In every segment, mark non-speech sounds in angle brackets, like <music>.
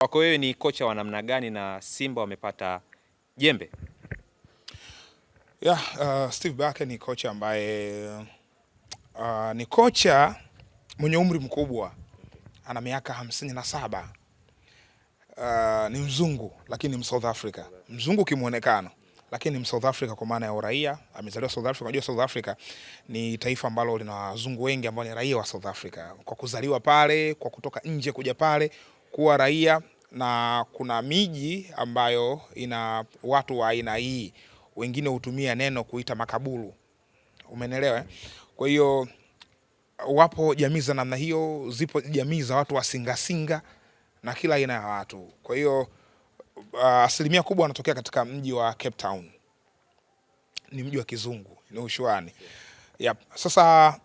Kwako wewe ni kocha wa namna gani na Simba wamepata jembe? Yeah, uh, Steve Barker ni kocha ambaye uh, ni kocha mwenye umri mkubwa, ana miaka hamsini na saba. Uh, ni mzungu lakini ni South Africa, mzungu kimwonekano lakini ni South Africa kwa maana ya uraia, amezaliwa South Africa. Unajua South Africa ni taifa ambalo lina wazungu wengi ambao ni raia wa South Africa kwa kuzaliwa pale, kwa kutoka nje kuja pale kuwa raia na kuna miji ambayo ina watu wa aina hii, wengine hutumia neno kuita makaburu, umenelewa. Eh? Kwa hiyo wapo jamii za namna hiyo, zipo jamii za watu wasingasinga na kila aina ya watu. Kwa hiyo uh, asilimia kubwa wanatokea katika mji wa Cape Town, ni mji wa kizungu, ni ushuani. Yep. Sasa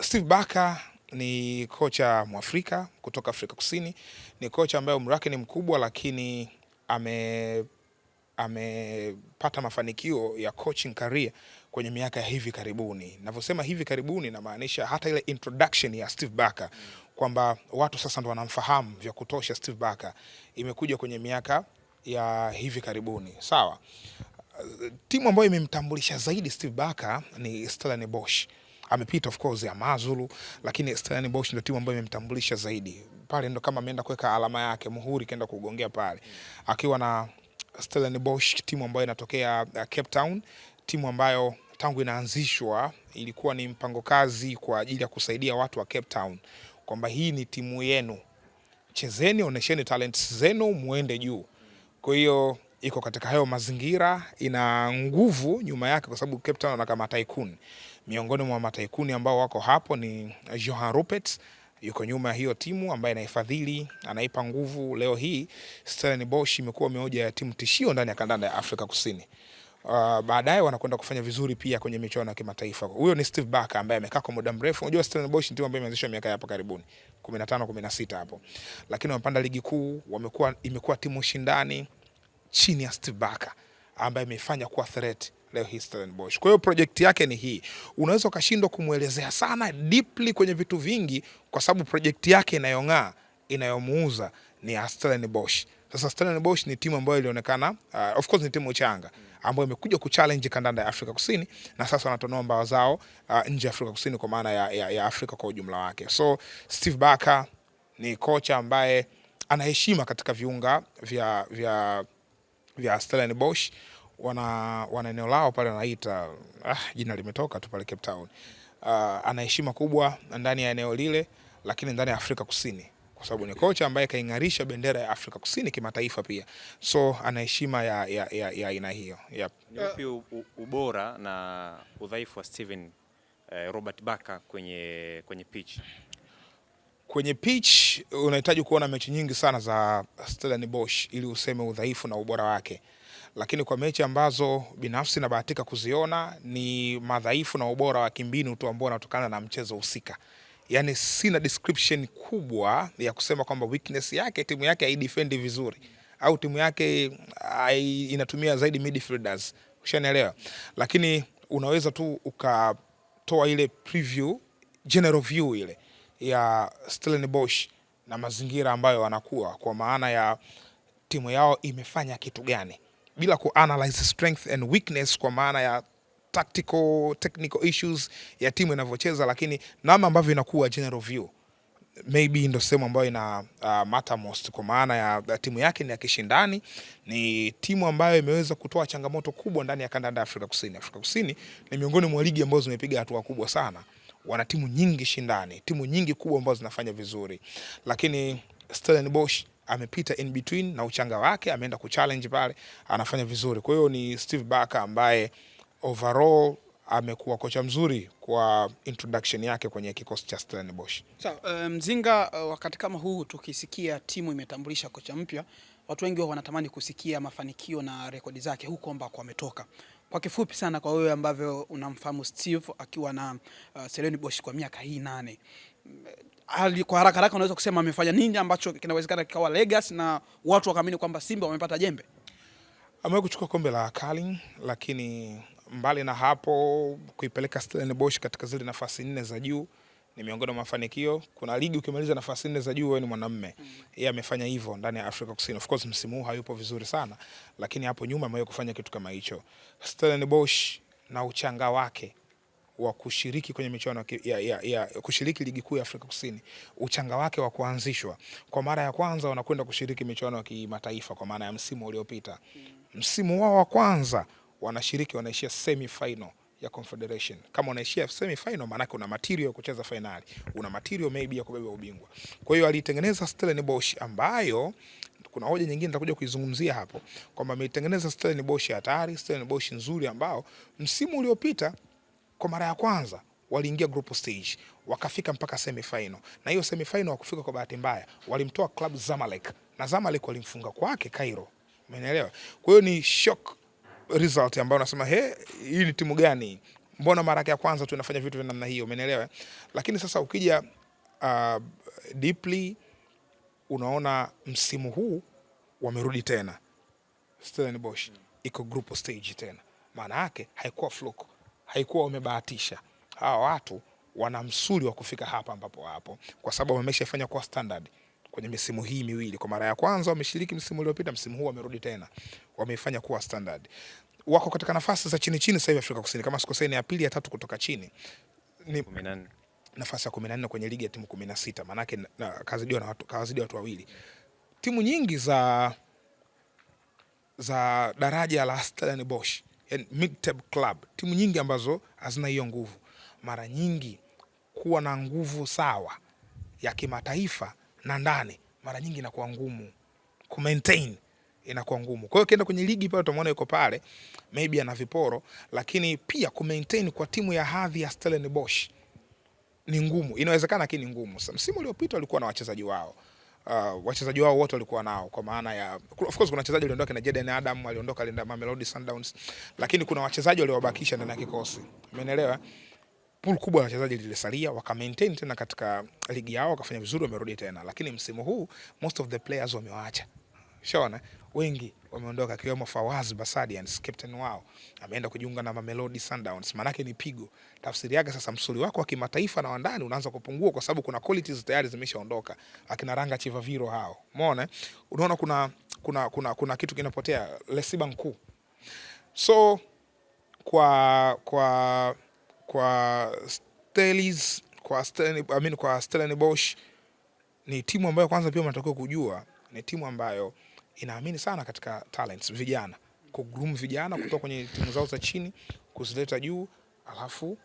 Steve Baka ni kocha Mwafrika kutoka Afrika Kusini. Ni kocha ambaye umri wake ni mkubwa, lakini ame amepata mafanikio ya coaching career kwenye miaka ya hivi karibuni. Ninavyosema hivi karibuni, namaanisha hata ile introduction ya Steve Barker mm, kwamba watu sasa ndo wanamfahamu vya kutosha Steve Barker, imekuja kwenye miaka ya hivi karibuni. Sawa, timu ambayo imemtambulisha zaidi Steve Barker ni Stellenbosch amepita of course ya Mazulu, lakini Stellenbosch ndio timu ambayo imemtambulisha zaidi pale, ndo kama ameenda kuweka alama yake, muhuri kaenda kugongea pale akiwa na Stellenbosch, timu ambayo inatokea uh, Cape Town, timu ambayo tangu inaanzishwa ilikuwa ni mpango kazi kwa ajili ya kusaidia watu wa Cape Town kwamba hii ni timu yenu, chezeni, onesheni talents zenu, muende juu. Kwa hiyo iko katika hayo mazingira, ina nguvu nyuma yake, kwa sababu Cape Town na kama tycoon Miongoni mwa mataikuni ambao wako hapo ni Johan Rupert yuko nyuma ya hiyo timu ambaye anaifadhili, anaipa nguvu. Leo hii Stellenbosch imekuwa mmoja ya timu tishio ndani ya kandanda ya Afrika Kusini. Uh, baadaye wanakwenda kufanya vizuri pia kwenye michuano ya kimataifa. Huyo ni Steve Barker ambaye amekaa kwa muda mrefu. Unajua Stellenbosch ni timu ambayo imeanzishwa miaka hapo karibuni 15 16 hapo, lakini wamepanda ligi kuu, wamekuwa imekuwa timu shindani chini ya Steve Barker ambaye imefanya kuwa threat leo hii Stellenbosch. Kwa hiyo project yake ni hii, unaweza ukashindwa kumwelezea sana deeply kwenye vitu vingi, kwa sababu project yake inayong'aa inayomuuza ni ya Stellenbosch. Sasa Stellenbosch ni timu ambayo ilionekana uh, of course ni timu changa ambayo imekuja kuchallenge kandanda ya Afrika Kusini na sasa wanatonoa mbawa zao uh, nje ya Afrika Kusini kwa maana ya, ya, ya Afrika kwa ujumla wake. So Steve Barker ni kocha ambaye anaheshima katika viunga vya, vya, vya Stellenbosch wana, wana eneo lao pale wanaita ah, jina limetoka tu pale Cape Town. Uh, ana heshima kubwa ndani ya eneo lile, lakini ndani ya Afrika Kusini kwa sababu ni kocha ambaye kaing'arisha bendera ya Afrika Kusini kimataifa pia, so ana heshima ya aina ya, ya, ya hiyo. Yep. Ni upi ubora na udhaifu wa Steven eh, Robert Baka kwenye kwenye pitch? Kwenye pitch unahitaji kuona mechi nyingi sana za Stellenbosch ili useme udhaifu na ubora wake lakini kwa mechi ambazo binafsi nabahatika kuziona ni madhaifu na ubora wa kimbinu tu ambao unatokana na mchezo husika. Yani sina description kubwa ya kusema kwamba weakness yake timu yake haidefendi vizuri au timu yake ai, inatumia zaidi midfielders, ushanielewa. Lakini unaweza tu ukatoa ile preview, general view ile ya Stellenbosch na mazingira ambayo wanakuwa kwa maana ya timu yao imefanya kitu gani bila analyze strength and weakness kwa maana ya tactical technical issues ya timu inavyocheza, lakini namna ambavyo inakuwa general view maybe ndo sehemu ambayo ina uh, matter most kwa maana ya timu yake ni ya kishindani, ni timu ambayo imeweza kutoa changamoto kubwa ndani ya kandanda Afrika Kusini. Afrika Kusini ni miongoni mwa ligi ambazo zimepiga hatua kubwa sana, wana timu nyingi shindani, timu nyingi kubwa ambazo zinafanya vizuri, lakini Stellenbosch amepita in between na uchanga wake, ameenda kuchallenge pale, anafanya vizuri. Kwa hiyo ni Steve Barker ambaye overall amekuwa kocha mzuri kwa introduction yake kwenye kikosi cha Stellenbosch. Sawa, eh, Mzinga, um, wakati kama huu tukisikia timu imetambulisha kocha mpya, watu wengi wanatamani kusikia mafanikio na rekodi zake huko ambako ametoka. Kwa kifupi sana, kwa wewe ambavyo unamfahamu Steve akiwa na uh, Stellenbosch kwa miaka hii nane kwa haraka haraka unaweza kusema amefanya nini ambacho kinawezekana kikawa legacy na watu wakaamini kwamba Simba wamepata jembe? Amewahi kuchukua kombe la Carling, lakini mbali na hapo kuipeleka Stellenbosch katika zile nafasi nne za juu ni miongoni mwa mafanikio. Kuna ligi ukimaliza nafasi nne za juu wewe ni mwanamume. Yeye amefanya hivyo ndani ya Afrika Kusini. Of course msimu huu hayupo vizuri sana, lakini hapo nyuma amewahi kufanya kitu kama hicho. Stellenbosch na uchanga wake wa kushiriki kwenye michuano ya, ya, ya, kushiriki ligi kuu ya Afrika Kusini, uchanga wake wa kuanzishwa kwa mara ya kwanza wanakwenda kushiriki michuano ya kimataifa kwa maana ya msimu uliopita mm. msimu wao wa kwanza wanashiriki, wanaishia semi final ya Confederation. Kama unaishia semi final, maanake una material ya kucheza finali, una material maybe ya kubeba ubingwa. Kwa hiyo alitengeneza Stellenbosch ambayo kuna hoja nyingine nitakuja kuizungumzia hapo kwamba ameitengeneza Stellenbosch hatari, Stellenbosch nzuri ambao msimu uliopita kwa mara ya kwanza waliingia group stage wakafika mpaka final, na hiyo final wakufika kwa bahati mbaya, walimtoa club Zamalek na Zamalek walimfunga kwake Cairo, umeelewa? Kwa hiyo ni shock result ambayo unasema he, hii ni timu gani? Mbona mara ya kwanza tu inafanya vitu vya namna hiyo, umeelewa? Lakini sasa ukija uh, deeply unaona msimu huu wamerudi tena Stellenbosch iko group stage tena, maana yake haikuwa fluke haikuwa umebahatisha. Hawa watu wana msuli wa kufika hapa ambapo wapo, kwa sababu wameshafanya kwa standard kwenye misimu hii miwili. Kwa mara ya kwanza wameshiriki msimu uliopita, msimu huu wamerudi tena, wameifanya kuwa standard. Wako katika nafasi za chini chini sasa hivi Afrika Kusini, kama sikosei, ni ya pili ya tatu kutoka chini, ni nafasi ya 14 kwenye ligi ya timu 16, maana yake kazidiwa na watu kawazidiwa watu wawili. Timu nyingi za za daraja la Stellenbosch mid tab club, timu nyingi ambazo hazina hiyo nguvu, mara nyingi kuwa na nguvu sawa ya kimataifa na ndani, mara nyingi inakuwa ngumu ku maintain inakuwa ngumu. Kwa hiyo ukienda kwenye ligi pale utamuona yuko pale, maybe ana viporo, lakini pia ku maintain kwa timu ya hadhi ya Stellenbosch ni ngumu. Inawezekana, lakini ngumu. Msimu uliopita walikuwa na wachezaji wao uh, wachezaji wao wote walikuwa nao, kwa maana ya of course kuna wachezaji waliondoka na Jaden Adam aliondoka alienda Mamelodi Sundowns, lakini kuna wachezaji waliowabakisha ndani ya kikosi, umeelewa? Pool kubwa ya wachezaji lilisalia, waka maintain tena katika ligi yao, wakafanya vizuri, wamerudi tena, lakini msimu huu most of the players wamewaacha Shaona wengi wameondoka akiwemo Fawaz Basadian, captain wao ameenda kujiunga na Mamelodi Sundowns. Maanake ni pigo. Tafsiri yake sasa, msuri wako wa kimataifa na wandani unaanza kupungua, kwa sababu kuna qualities tayari zimeshaondoka, akina Ranga Chivaviro hao. Umeona, unaona kuna, kuna, kuna, kuna kitu kinapotea Lesiba mkuu. So kwa kwa kwa Stelis, kwa Stelen, I mean, kwa Stellenbosch ni timu ambayo kwanza pia unatakiwa kujua ni timu ambayo inaamini sana katika talents vijana, kugroom vijana kutoka kwenye timu zao za chini kuzileta juu, alafu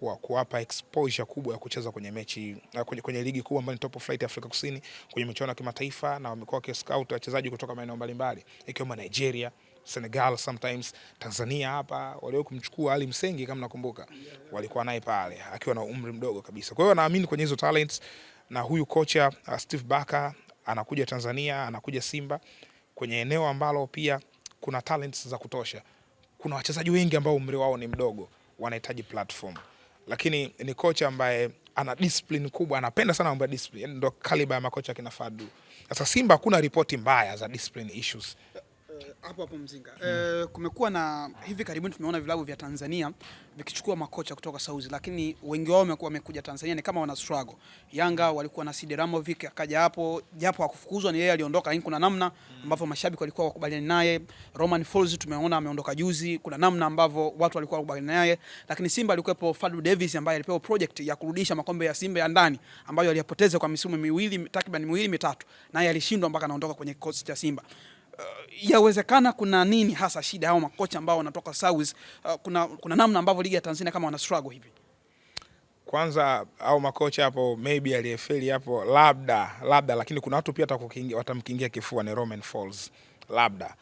uh, kuwapa exposure kubwa ya kucheza kwenye mechi uh, kwenye, kwenye ligi kubwa ambayo ni top flight Afrika Kusini, kwenye michuano ya kimataifa, na wamekuwa wakiscout wachezaji kutoka maeneo mbalimbali ikiwemo Nigeria Senegal, sometimes Tanzania hapa walio kumchukua Ali Msengi kama nakumbuka, walikuwa naye pale akiwa na umri mdogo kabisa. Kwa hiyo naamini kwenye hizo talents, na huyu kocha uh, Steve Barker anakuja Tanzania, anakuja Simba kwenye eneo ambalo pia kuna talents za kutosha. Kuna wachezaji wengi ambao umri wao ni mdogo, wanahitaji platform, lakini ni kocha ambaye ana discipline kubwa, anapenda sana mambo ya discipline, ndio kaliba ya makocha kina Fadlu. Sasa Simba hakuna ripoti mbaya za discipline issues hapo hapo Mzinga. Hmm. E, kumekuwa na hivi karibuni tumeona vilabu vya Tanzania vikichukua makocha kutoka Saudi, lakini wengi wao wamekuwa wamekuja Tanzania ni kama wana struggle. Yanga walikuwa na Sidi Ramovic akaja hapo, japo hakufukuzwa ni yeye aliondoka, lakini kuna namna ambavyo mashabiki walikuwa wakubaliana naye. Roman Falls tumeona ameondoka juzi, kuna namna ambavyo watu walikuwa wakubaliana naye, lakini Simba alikuwepo Fadlu Davis ambaye alipewa project ya kurudisha makombe ya Simba ya ndani ambayo aliyapoteza kwa misimu miwili takriban miwili mitatu, naye alishindwa mpaka anaondoka kwenye kikosi cha Simba. Uh, yawezekana kuna nini hasa shida hao makocha ambao wanatoka Saudi, uh, eh, kuna, kuna namna ambavyo ligi ya Tanzania kama wana struggle hivi. Kwanza au makocha hapo maybe aliyefeli hapo labda labda, lakini kuna watu pia watamkingia kifua ni Roman Falls labda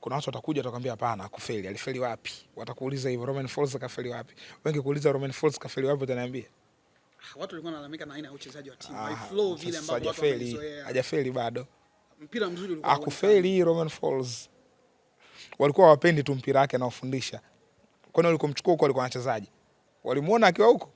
kuna watu watakuja watakwambia, hapana, kufeli alifeli wapi? Watakuuliza hivyo, Roman Falls kafeli wapi? Wengi kuuliza Roman Falls kafeli wapi, utaniambia ah, watu walikuwa wanalalamika na aina ya uchezaji wa timu, flow vile ambavyo watu wanazoea, hajafeli bado mpira mzuri ulikuwa akufeli. Roman Falls walikuwa wapendi tu mpira wake anaofundisha, nini ulikomchukua huko Alikuwa anachezaje? walimuona akiwa huko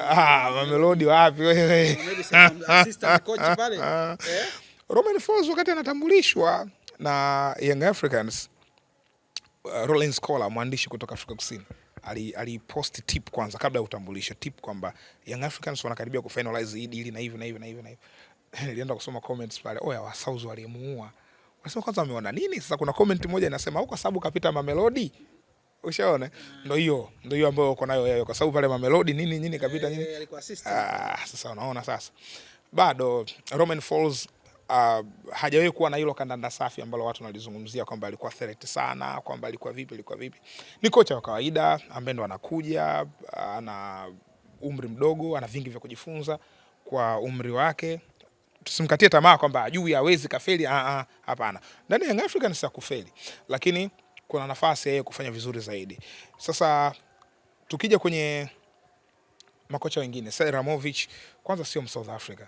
ah, Mamelodi wapi wewe? <laughs> Ah. Eh? Roman Falls wakati anatambulishwa na Young Africans, uh, Rollins Scholar mwandishi kutoka Afrika Kusini alipost ali tip kwanza kabla ya utambulisho, tip kwamba Young Africans wanakaribia kufinalize hili deal na hivi na hivi na hivi na hivi. <laughs> Nilienda kusoma comments pale, oya wasauzi walimuua. Wanasema kwanza wameona nini? Sasa kuna comment moja inasema huko sababu kapita Mamelodi. Ushaona? Ndio hiyo, ndio hiyo ambayo uko nayo wewe kwa sababu pale Mamelodi nini nini kapita eh, nini? Ah, sasa unaona sasa. Bado Roman Falls uh, hajawahi kuwa na hilo kandanda safi ambalo watu wanalizungumzia kwamba alikuwa threat sana, kwamba alikuwa vipi, alikuwa vipi. Ni kocha wa kawaida ambaye ndo anakuja, ana umri mdogo, ana vingi vya kujifunza kwa umri wake. Tusimkatie tamaa kwamba ajui, hawezi kafeli. Ah, ah, hapana, ndani ya Young Africans kufeli, lakini kuna nafasi yeye kufanya vizuri zaidi. Sasa tukija kwenye makocha wengine, Sir kwanza sio South Africa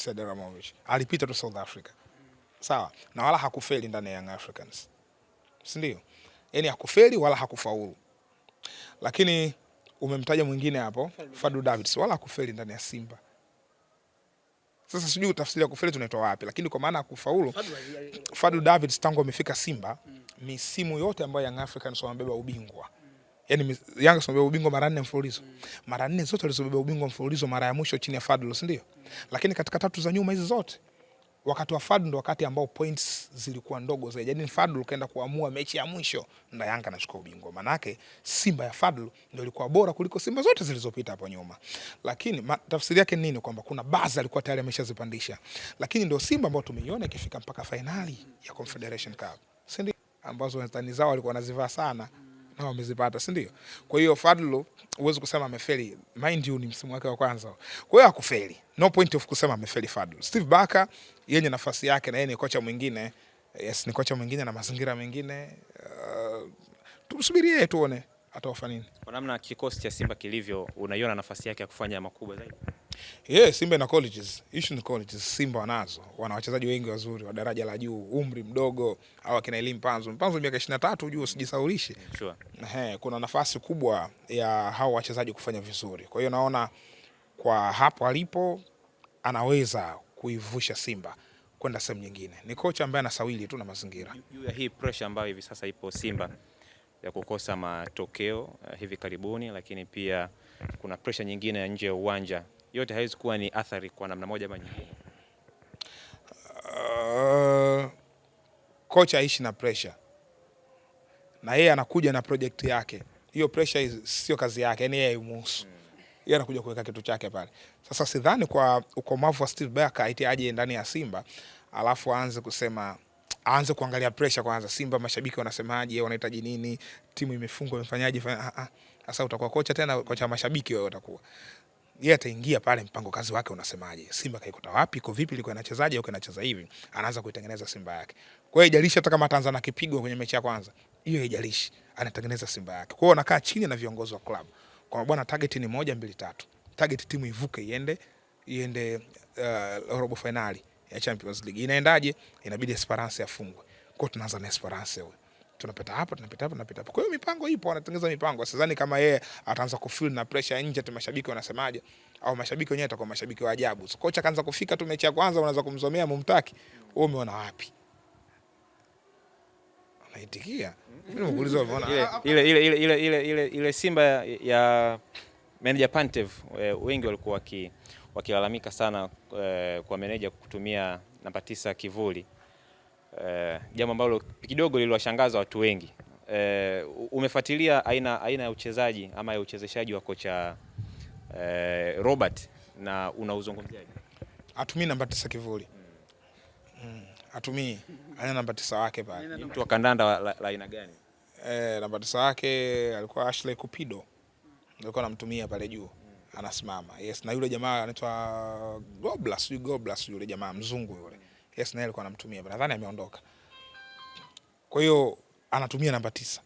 Said Ramovic alipita tu South Africa, sawa, na wala hakufeli ndani ya Young Africans, si ndio? Yani hakufeli wala hakufaulu. Lakini umemtaja mwingine hapo Fadu Davids, wala hakufeli ndani ya Simba. Sasa sijui tafsiri ya kufeli tunaitwa wapi, lakini kwa maana ya kufaulu Fadu Davids tangu amefika Simba mm. misimu yote ambayo Young Africans wamebeba ubingwa yani Yanga tumebeba ubingwa mara nne mfululizo. Mara nne zote alizobeba ubingwa mfululizo, mara ya mwisho chini ya Fadlu, si ndio? Lakini katika tatu za nyuma hizi zote wakati wa Fadlu ndo wakati ambao points zilikuwa ndogo zaidi, yani Fadlu kaenda kuamua mechi ya mwisho na Yanga anachukua ubingwa. yake Simba ya Fadlu ndio ilikuwa bora kuliko Simba zote zilizopita hapo nyuma, lakini tafsiri yake nini? Kwamba kuna baadhi alikuwa tayari ameshazipandisha, lakini ndio Simba ambao tumeiona ikifika mpaka fainali ya Confederation Cup, si ndio? ambazo watani zao walikuwa wanazivaa sana na wamezipata, si ndio? Kwa hiyo Fadlu huwezi kusema amefeli, mind you ni msimu wake wa kwanza. Kwa hiyo hakufeli, no point of kusema amefeli Fadlu. Steve Barker yenye nafasi yake, na yeye ni kocha mwingine, yes, ni kocha mwingine na mazingira mengine. Uh, tumsubirie tuone atawafanya nini. Kwa namna kikosi cha Simba kilivyo, unaiona nafasi yake ya kufanya makubwa zaidi? Yeah, Simba ina colleges. Issue ni colleges. Simba wanazo. Wana wachezaji wengi wazuri wa daraja la juu, umri mdogo au akina elimu panzo. Panzo miaka 23 hujua usijisaulishe. Sure. Eh, kuna nafasi kubwa ya hao wachezaji kufanya vizuri. Kwa hiyo naona kwa hapo alipo anaweza kuivusha Simba kwenda sehemu nyingine. Ni kocha ambaye anasawili tu na mazingira. Juu ya hii pressure ambayo hivi sasa ipo Simba ya kukosa matokeo eh, hivi karibuni, lakini pia kuna pressure nyingine ya nje ya uwanja yote haiwezi kuwa ni athari kwa namna moja ama nyingine. Uh, kocha aishi na pressure, na yeye anakuja na project yake. Hiyo pressure sio kazi yake, yani yeye imuhusu mm. Yeye anakuja kuweka kitu chake pale. Sasa sidhani kwa ukomavu wa Steve Barker aiti aje ndani ya Simba alafu aanze kusema aanze kuangalia pressure kwanza, Simba mashabiki wanasemaje, wanahitaji nini, timu imefungwa imefanyaje. Ah, ah. Sasa utakuwa kocha tena, kocha mashabiki wewe utakuwa yeye ataingia pale, mpango kazi wake unasemaje, Simba kaikuta wapi, iko vipi, liko inachezaje au inacheza hivi, anaanza kuitengeneza Simba yake. Kwa hiyo ijalishi hata kama Tanzania akipigwa kwenye mechi ya kwanza, hiyo ijalishi, anatengeneza Simba yake. Kwa hiyo anakaa chini na viongozi wa klabu kwa bwana, target ni moja mbili tatu, target timu ivuke iende iende uh, robo finali ya Champions League. Inaendaje? Inabidi Esperance afungwe. Kwa hiyo tunaanza na Esperance huyo tunapita hapo tunapita hapo tunapita hapo. Kwa hiyo mipango ipo, wanatengeneza mipango. Sidhani kama yeye ataanza kufeel na pressure nje tu mashabiki wanasemaje, au mashabiki wenyewe atakuwa mashabiki wa ajabu. So kocha kaanza kufika tu mechi ya kwanza, unaanza kumzomea mumtaki, wewe umeona wapi? Anaitikia ile ile ile ile ile ile Simba ya manager Pantev, eh, wengi walikuwa wakilalamika sana eh, kwa meneja kutumia namba tisa kivuli. Eh, jambo ambalo kidogo liliwashangaza watu wengi eh, umefuatilia aina, aina ya uchezaji ama ya uchezeshaji wa kocha eh, Robert na unauzungumziaje? Atumii namba tisa kivuli mm. Atumii aina namba tisa wake pale, ni mtu wa kandanda la aina gani? Eh, namba tisa wake alikuwa Ashley Cupido alikuwa anamtumia pale juu anasimama yes, na yule jamaa anaitwa Gobla, sijui Gobla, sijui yule jamaa mzungu yule yes, alikuwa anamtumia nadhani ameondoka, kwa hiyo anatumia namba tisa.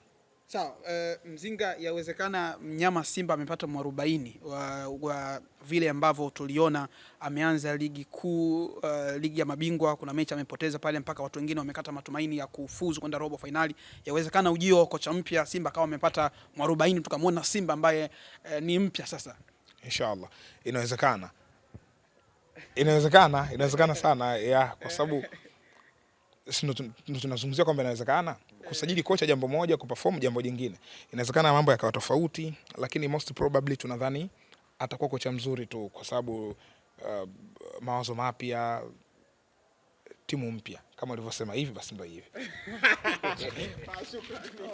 Sawa, uh, Mzinga, yawezekana mnyama Simba amepata mwarobaini wa, wa vile ambavyo tuliona ameanza ligi kuu uh, ligi ya mabingwa, kuna mechi amepoteza pale mpaka watu wengine wamekata matumaini ya kufuzu kwenda robo fainali. Yawezekana ujio wa kocha mpya Simba kawa amepata mwarobaini, tukamwona Simba ambaye uh, ni mpya sasa. Inshallah inawezekana. Inawezekana, inawezekana sana ya, kwa sababu tunazungumzia kwamba inawezekana kusajili kocha jambo moja, kuperform jambo jingine. Inawezekana mambo yakawa tofauti, lakini most probably tunadhani atakuwa kocha mzuri tu, kwa sababu uh, mawazo mapya, timu mpya, kama ulivyosema hivi, basi ndio hivi. <laughs>